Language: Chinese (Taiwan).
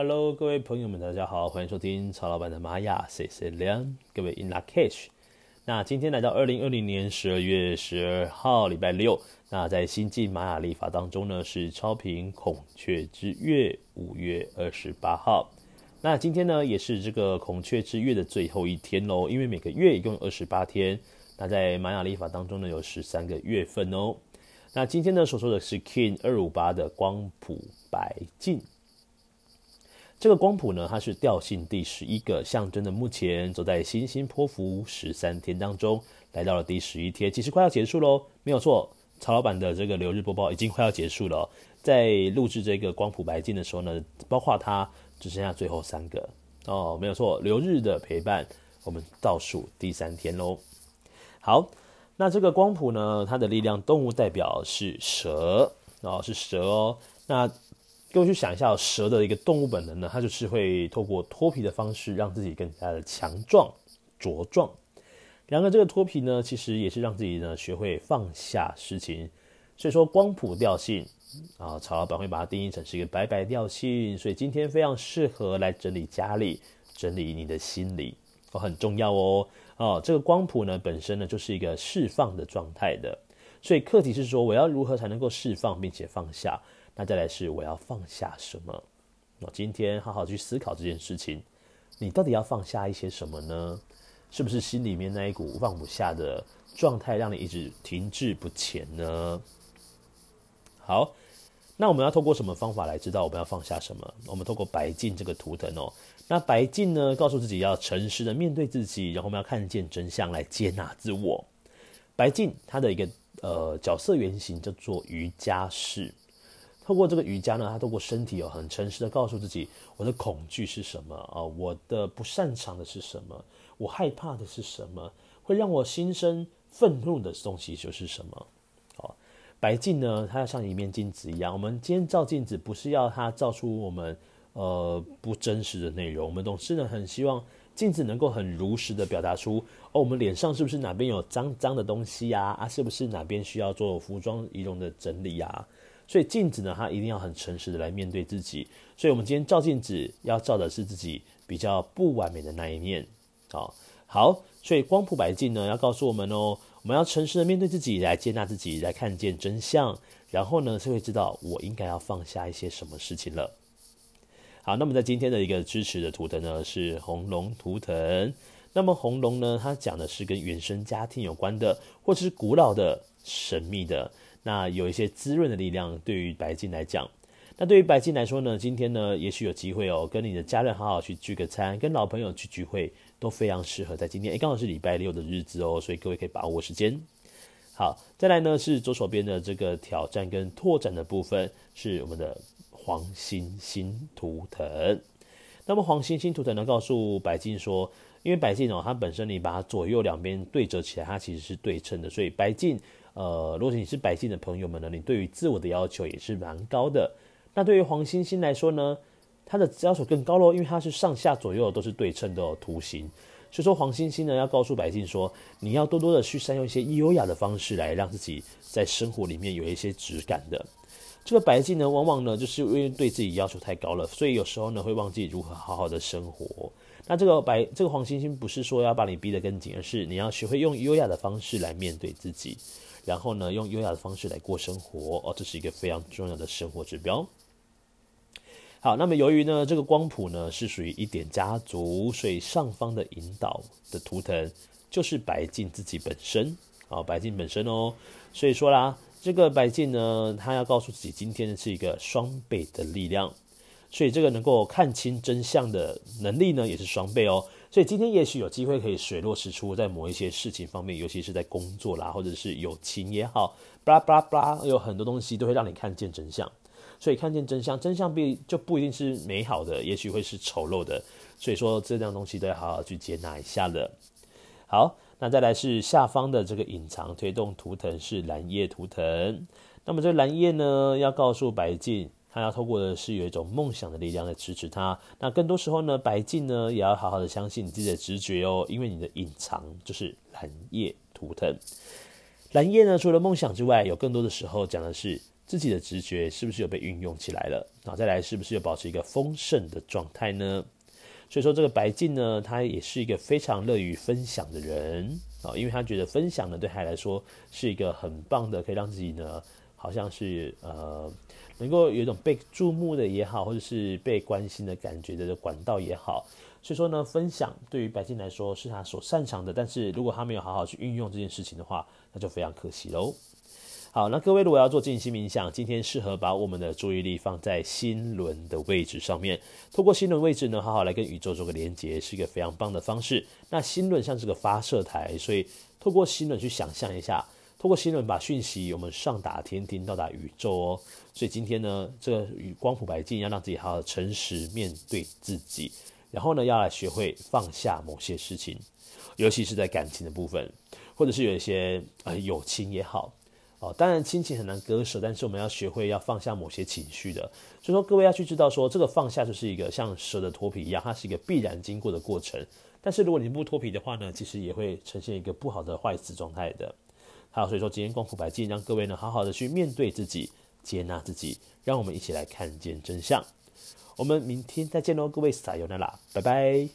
Hello，各位朋友們，大家好，歡迎收聽曹老闆的瑪雅謝謝兩，各位 In lak'ech。那今天來到二零二零年十二月十二號，禮拜六。那在新晉瑪雅曆法當中呢，是超頻孔雀之月，五月二十八號。那今天呢，也是這個孔雀之月的最後一天嘍，哦，因為每個月一共有二十八天。那在瑪雅曆法當中呢，有十三個月份哦。那今天呢，所說的是 Kin 二五八的光譜白鏡。這個光譜呢，它是調性第十一個象徵著，目前走在星星波符十三天當中，來到了第十一天，其實快要結束嘍。沒有錯，曹老板的這個流日播報已經快要結束了哦，在錄制這個光譜白鏡的時候呢，包括它只剩下最後三個哦，沒有錯，流日的陪伴，我們倒數第三天嘍。好，那這個光譜呢，它的力量動物代表是蛇，哦，是蛇哦，那。各位去想一下蛇的一個動物本能呢，它就是會透過脫皮的方式讓自己更加的強壯、茁壯。然後這個脫皮呢，其實也是讓自己呢學會放下事情。所以說光譜調性啊，曹、哦、老闆會把它定義成是一個白白調性，所以今天非常適合來整理家裡、整理你的心理，哦，很重要哦。哦，這個光譜呢本身呢就是一個釋放的狀態的，所以課題是說，我要如何才能夠釋放並且放下。那再來是我要放下什麼？我今天好好去思考這件事情，你到底要放下一些什麼呢？是不是心裡面那一股放不下的狀態，讓你一直停滯不前呢？好，那我們要透過什麼方法來知道我們要放下什麼？我們透過白鏡這個圖騰哦、喔。那白鏡呢，告訴自己要誠實的面對自己，然後我們要看見真相，來接納自我。白鏡它的一個呃角色原型叫做瑜伽士。透過這個瑜伽呢，他透過身體哦，很誠實的告訴自己，我的恐懼是什麼？哦，我的不擅長的是什麼？我害怕的是什麼？會讓我心生憤怒的東西就是什麼？哦，白鏡呢，它要像一面鏡子一樣。我們今天照鏡子，不是要它照出我們呃不真實的內容。我們總是呢，很希望鏡子能夠很如實的表達出哦，我們臉上是不是哪邊有髒髒的東西呀？啊，是不是哪邊需要做服裝儀容的整理呀？所以鏡子呢，它一定要很誠實的來面對自己。所以我們今天照鏡子，要照的是自己比較不完美的那一面。好、哦、好，所以光譜白鏡呢，要告訴我們哦，我們要誠實的面對自己，來接納自己，來看見真相，然後呢，就會知道我應該要放下一些什麼事情了。好，那麼在今天的一個支持的圖騰呢，是紅龍圖騰。那麼紅龍呢，它講的是跟原生家庭有關的，或者是古老的，神秘的。那有一些滋潤的力量，對於白鏡來講，那對於白鏡來說呢，今天呢，也許有機會哦、喔，跟你的家人好好去聚個餐，跟老朋友去聚會都非常適合在今天，哎、欸，剛好是禮拜六的日子哦、喔，所以各位可以把握時間。好，再來呢是左手邊的這個挑戰跟拓展的部分，是我們的黃星星圖騰。那麼黃星星圖騰呢，告訴白鏡說，因為白鏡哦、喔，它本身你把它左右兩邊對折起來，它其實是對稱的，所以白鏡。呃，如果你是白鏡的朋友們呢，你對於自我的要求也是蠻高的。那對於黃星星來說呢，他的要求更高嘍，因為他是上下左右都是對稱的圖、哦、形。所以說黃星星呢，要告訴白鏡說，你要多多的去善用一些優雅的方式來讓自己在生活裡面有一些質感的。這個白鏡呢，往往呢就是因為對自己要求太高了，所以有時候呢會忘記如何好好的生活。那這個白這個黃星星不是說要把你逼得更緊，而是你要學會用優雅的方式來面對自己。然後呢，用優雅的方式來過生活哦，這是一個非常重要的生活指標。好，那麼由於呢，這個光譜呢是屬於一點家族，所以上方的引導的圖騰，就是白鏡自己本身啊，白鏡本身哦，所以說啦，這個白鏡呢，他要告訴自己，今天是一個雙倍的力量。所以這個能夠看清真相的能力呢，也是雙倍哦。所以今天也許有機會可以水落石出，在某一些事情方面，尤其是在工作啦，或者是友情也好，b l a 有很多東西都會讓你看見真相。所以看見真相，真相必就不一定是美好的，也許會是醜陋的。所以說，這樣東西都要好好去接納一下了。好，那再來是下方的這個隱藏推動圖騰是藍葉圖騰。那麼這藍葉呢，要告訴白淨。大家透過的是有一種夢想的力量在支持他。那更多時候呢，白鏡呢也要好好的相信你自己的直覺哦、喔，因為你的隱藏就是藍夜圖騰。藍夜呢，除了夢想之外，有更多的時候講的是自己的直覺是不是有被運用起來了？那再來，是不是又保持一個豐盛的狀態呢？所以說，這個白鏡呢，他也是一個非常樂於分享的人啊，因為他覺得分享呢，對他來說是一個很棒的，可以讓自己呢。好像是呃，能夠有一種被注目的也好，或者是被關心的感覺的,的管道也好。所以說呢，分享對於白鏡來說是他所擅長的，但是如果他沒有好好去運用這件事情的話，那就非常可惜嘍。好，那各位如果要做靜心冥想，今天適合把我們的注意力放在心輪的位置上面，透過心輪位置呢，好好來跟宇宙做個連接，是一個非常棒的方式。那心輪像是個發射台，所以透過心輪去想象一下。透過新聞把訊息，我們上達天庭，到達宇宙哦。所以今天呢，這個與光譜白鏡要讓自己好好誠實面對自己。然後呢，要來學會放下某些事情，尤其是在感情的部分，或者是有一些呃友情也好哦。當然親情很難割捨，但是我們要學會要放下某些情緒的。所以說，各位要去知道說，這個放下就是一個像蛇的脫皮一樣，它是一個必然經過的過程。但是如果你不脫皮的話呢，其實也會呈現一個不好的壞死狀態的。好，所以說今天光譜白鏡，讓各位呢好好的去面對自己，接納自己，讓我們一起來看見真相。我們明天再見嘍，各位，撒由那拉，拜拜。